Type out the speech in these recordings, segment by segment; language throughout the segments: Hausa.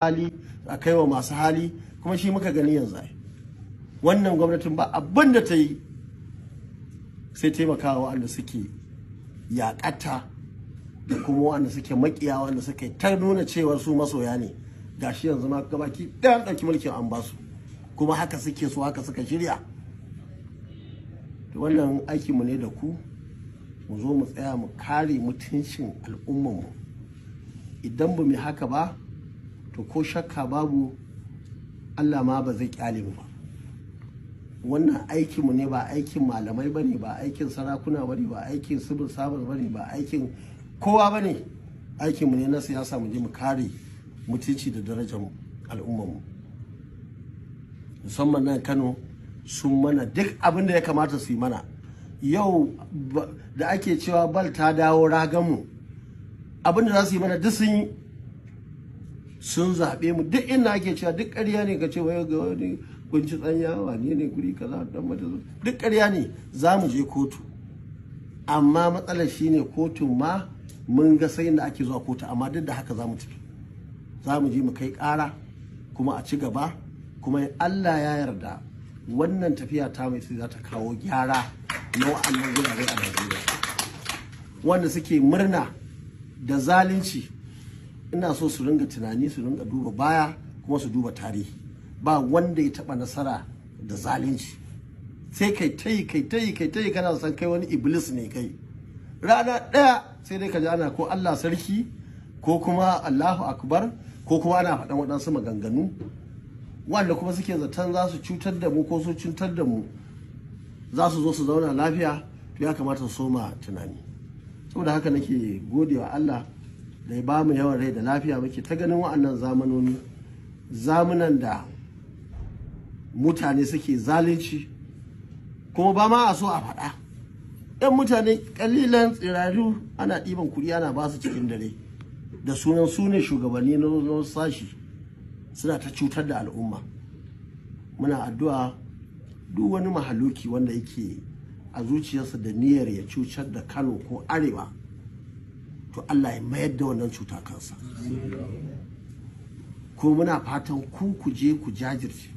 hali a kai wa masu hali kuma shi muka gani yanzu wannan gwamnatin ba abin da ta yi sai taimakawa wanda suke yaƙata da kuma wanda suke makiya wanda suke ta nuna cewa su masoya ne ga shi yanzu ma gabaki ɗaya ɗauki mulkin an su kuma haka suke so haka suka shirya wannan mu ne da ku mu zo mu tsaya mu kare mutuncin al'ummarmu idan ba mu haka ba to ko shakka babu Allah ma ba zai kyale mu ba wannan aikinmu ne ba aikin malamai ba ba aikin sarakuna ba ba aikin civil service ba ba aikin kowa ba ne aikinmu ne na siyasa mu je mu kare mutunci da darajar mu musamman nan kano sun mana duk abin da ya kamata su yi mana yau da ake cewa bal ta dawo raganmu abin da za su yi mana duk sun yi sun zaɓe mu duk inda ake cewa duk ƙarya ne ka ce wai ga wani kunci tsanya wa ne guri za dan mata duk ƙarya ne za mu je kotu amma matsalar shine kotu ma mun ga sai da ake zuwa kotu amma duk da haka za mu tafi za mu je mu kai ƙara kuma a ci gaba kuma Allah ya yarda wannan tafiya ta mai sai za ta kawo gyara na wa'annan gurare a Najeriya wanda suke murna da zalunci ina so su ringa tunani su ringa duba baya kuma su duba tarihi ba wanda ya taba nasara da zalunci sai kai ta yi kai ta yi kai ta yi kana san kai wani iblis ne kai rana ɗaya sai dai ka ji ana ko Allah sarki ko kuma Allahu akbar ko kuma ana faɗan waɗansu maganganu wanda kuma suke zaton za su cutar da mu ko su cutar da mu za su zo su zauna lafiya to ya kamata su soma tunani saboda haka nake gode wa Allah da ya ba mu yawan rai da lafiya muke ta ganin wa'annan zamanoni zamanan da mutane suke zalunci kuma ba ma a so a faɗa Yan mutane ƙalilan tsirarru ana ɗiban kuɗi ana ba su cikin dare da sunan sune shugabanni na sashi suna ta cutar da al'umma muna addu'a duk wani mahaluki wanda yake a zuciyarsa da niyyar ya cutar da kano ko arewa to Allah ya mayar da wannan cuta kansa ko muna fatan ku ku je ku jajirce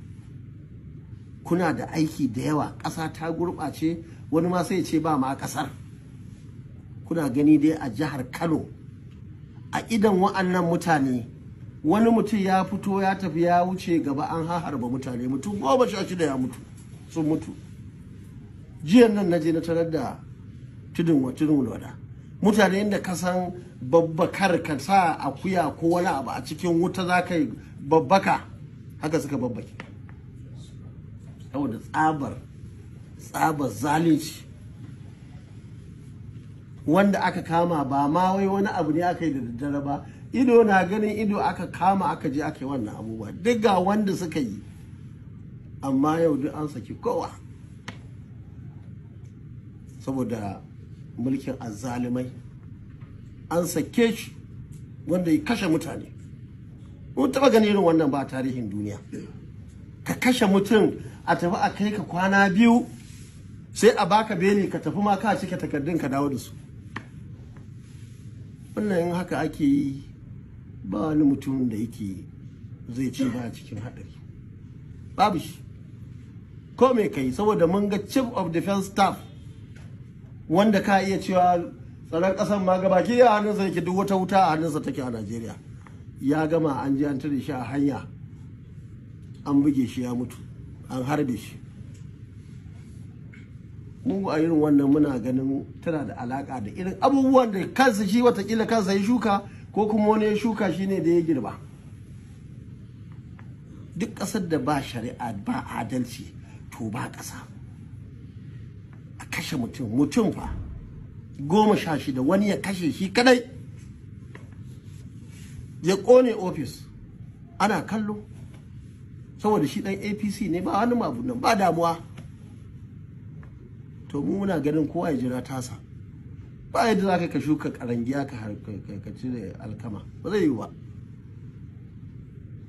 kuna da aiki da yawa ƙasa ta gurɓace wani ma sai ce ba ma ƙasar kuna gani dai a jihar Kano a idan wa'annan mutane wani mutum ya fito ya tafi ya wuce gaba an haharba mutane mutum goma sha shida ya mutu sun mutu jiyan nan na je na tarar da tudun wa tudun wada mutane da ka san babbakar ka sa akuya ko wani abu a cikin wuta za ka yi babbaka haka suka babbake saboda tsabar tsabar zalunci wanda aka kama ba ma wai wani abu ne aka yi da daddare ba ido na ganin ido aka kama aka je aka yi wannan abubuwa duk ga wanda suka yi amma yau duk an saki kowa saboda mulkin azzalumai an sake shi wanda ya kashe mutane mun taɓa ganin irin wannan ba tarihin duniya ka kashe mutum a tafi a kai ka kwana biyu sai a baka beli ka tafi ma ka cike takardun ka dawo da su wannan in haka ake yi ba wani mutum da yake zai ce ba cikin haɗari babu shi ko me kai saboda mun ga chief of defense staff wanda ka iya cewa tsaron ƙasar ma gaba ke a hannunsa yake duk wata wuta a hannunsa take a Najeriya ya gama an ji an tare shi a hanya an buge shi ya mutu an harbe shi mu a irin wannan muna ganin tana da alaka da irin abubuwan da kansa shi watakila kansa ya shuka ko kuma wani ya shuka shi ne da ya girba duk ƙasar da ba shari'a ba adalci to ba ƙasa kashe mutum mutum fa goma sha shida wani ya kashe shi kadai ya kone ofis ana kallo saboda shi dan apc ne ba wani mabu nan ba damuwa to mu muna ganin kowa ya jira tasa ba yadda za ka ka shuka karangi ka ka cire alkama ba zai yi ba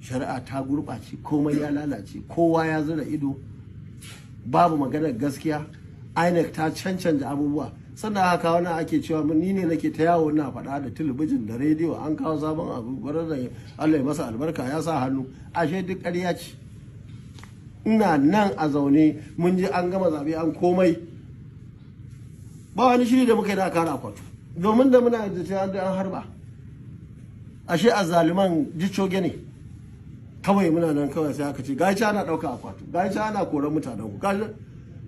shari'a ta gurɓace komai ya lalace kowa ya zura ido babu maganar gaskiya inec ta cancanta abubuwa sannan aka kawo na ake cewa ni ne nake ta yawo na faɗa da talabijin da rediyo an kawo sabon abu gwarar allah ya masa albarka ya sa hannu ashe duk ƙarya ce ina nan a zaune mun ji an gama zaɓe an komai ba wani shiri da muka yi na kara kwatu domin da muna da cewa an harba ashe a zaliman jicoge ne kawai muna nan kawai sai aka ce gaci ana ɗauka akwatu gaci ana koran mutanen ku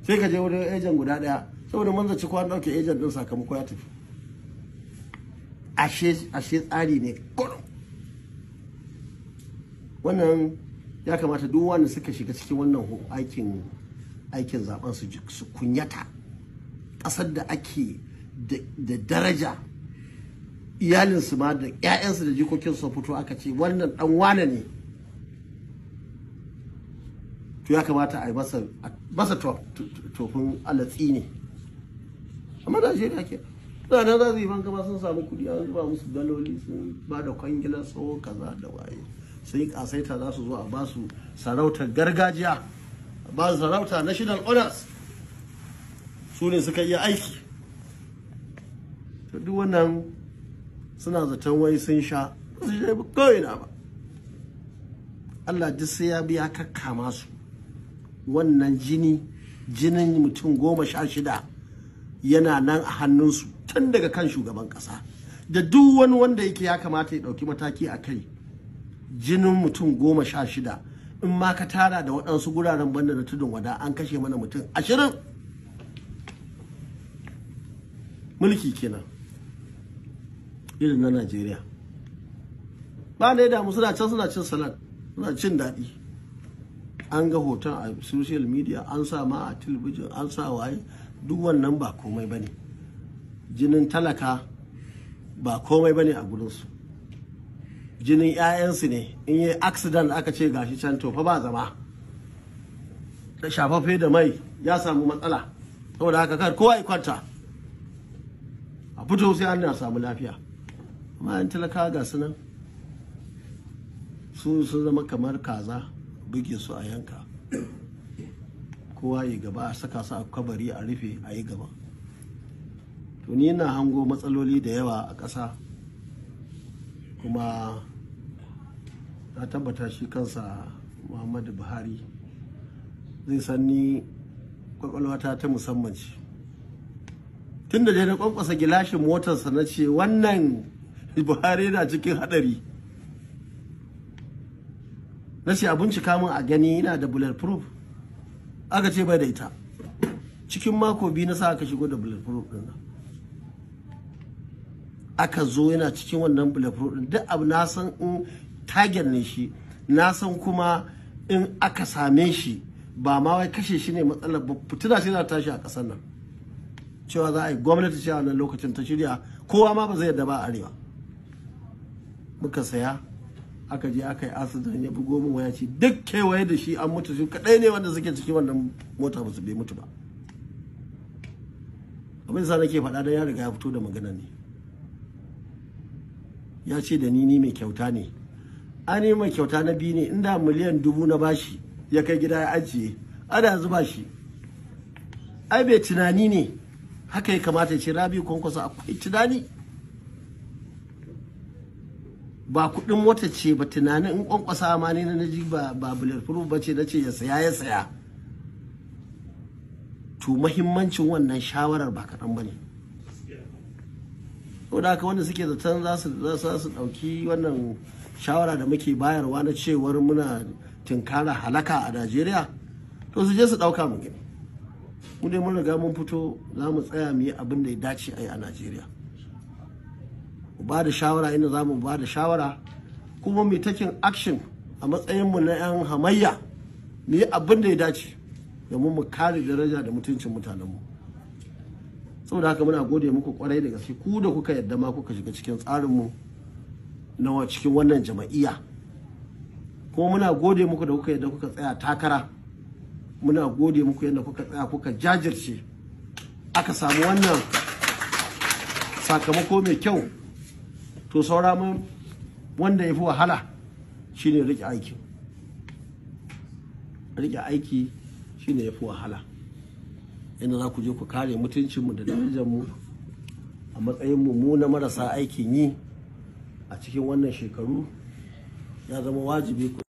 sai ka je wurin ejen guda daya saboda mun ci kwan an dauke ejen din sakamako ya tafi ashe tsari ne kurum wannan ya kamata duk wanda suka shiga cikin wannan aikin aikin zaben su su kunyata kasar da ake da daraja iyalinsu ma da 'ya'yansu da jikokinsu fito aka ce wannan dan wane ne to ya kamata a yi masa tofin alatsi ne amma najeriya ke tunanin za su yi banka ba sun samu kuɗi an zuba musu daloli sun ba da kwangilar tsawo kaza da waye sun yi kasaita za su zo a basu sarautar gargajiya a ba sarauta national honors su ne suka iya aiki to wannan suna zaton wai sun sha su je kawai na ba Allah duk sai ya biya kakka masu. wannan jini jinin mutum goma sha shida yana nan a hannunsu tun daga kan shugaban ƙasa da duk wani wanda yake ya kamata ya ɗauki mataki a kai jinin mutum goma sha shida in ma ka tara da waɗansu guraren banda na tudun wada an kashe mana mutum ashirin mulki kenan irin na najeriya ba da ya damu suna can suna cin salat suna cin daɗi an ga hoton a social media an sa ma a telebijin an sa waye duk wannan ba komai bane jinin talaka ba komai bane a gurinsu jinin 'ya'yansu ne in yi accident aka ce gashi can to fa ba zama da shafaffe da mai ya samu matsala saboda haka kar kowa ya kwanta a fito sai an samu lafiya amma yan talaka ga su nan su zama kamar kaza buge su a yanka kowa ya gaba a saka su a kabari a rufe a yi gaba to ni na hango matsaloli da yawa a ƙasa kuma na tabbata shi kansa muhammadu buhari zai san ni kwakwalwata ta musamman ce tun da na kwakwasa gilashin motarsa na ce wannan buhari na cikin hadari na ce a bincika min a gani yana da bulletproof aka ce bai da ita cikin mako biyu na sa aka shigo da bulletproof din aka zo yana cikin wannan bulletproof din duk abu na san in tagen ne shi na san kuma in aka same shi ba ma wai kashe shi ne matsalar ba fitina shi na tashi a kasar nan cewa za a yi gwamnati cewa wannan lokacin ta shirya kowa ma ba zai yarda ba arewa muka saya aka je aka yi accident ya bugo min waya ce duk kewaye da shi an mutu shi kadai ne wanda suke cikin wannan mota ba su bai mutu ba abin sa nake faɗa dan ya riga ya fito da magana ne ya ce da ni ni mai kyauta ne an mai kyauta na biyu ne inda miliyan dubu na bashi ya kai gida ya ajiye ana zuba shi ai bai tunani ne haka ya kamata ya ce rabi kwankwasa akwai tunani ba kuɗin mota ce ba tunanin in kwankwasa ma ne na ji ba ba bulletproof ba ce nace ya saya ya saya to mahimmancin wannan shawarar ba kaɗan ba ne da haka wanda suke zaton za su ɗauki wannan shawara da muke bayarwa na cewar muna tinkara halaka a najeriya to su je su ɗauka mu gani mu dai mun riga mun fito za mu tsaya mu yi abin da ya dace a a najeriya ba da shawara inda za mu ba da shawara kuma mai takin action a matsayinmu na 'yan hamayya mu yi abin da ya dace domin mu kare daraja da mutuncin mutanenmu saboda haka muna gode muku kwarai da gaske ku da kuka yadda ma kuka shiga cikin tsarinmu na cikin wannan jama'iyya kuma muna gode muku da kuka yadda kuka tsaya takara muna gode muku yadda kuka tsaya kuka jajirce aka samu wannan sakamako mai kyau to saura mun wanda ya fi wahala shine rike aiki rike aiki shine ya fi wahala inda za ku je ku kare mutuncinmu da darajarmu a matsayinmu mu na marasa aikin yi a cikin wannan shekaru ya zama wajibi ku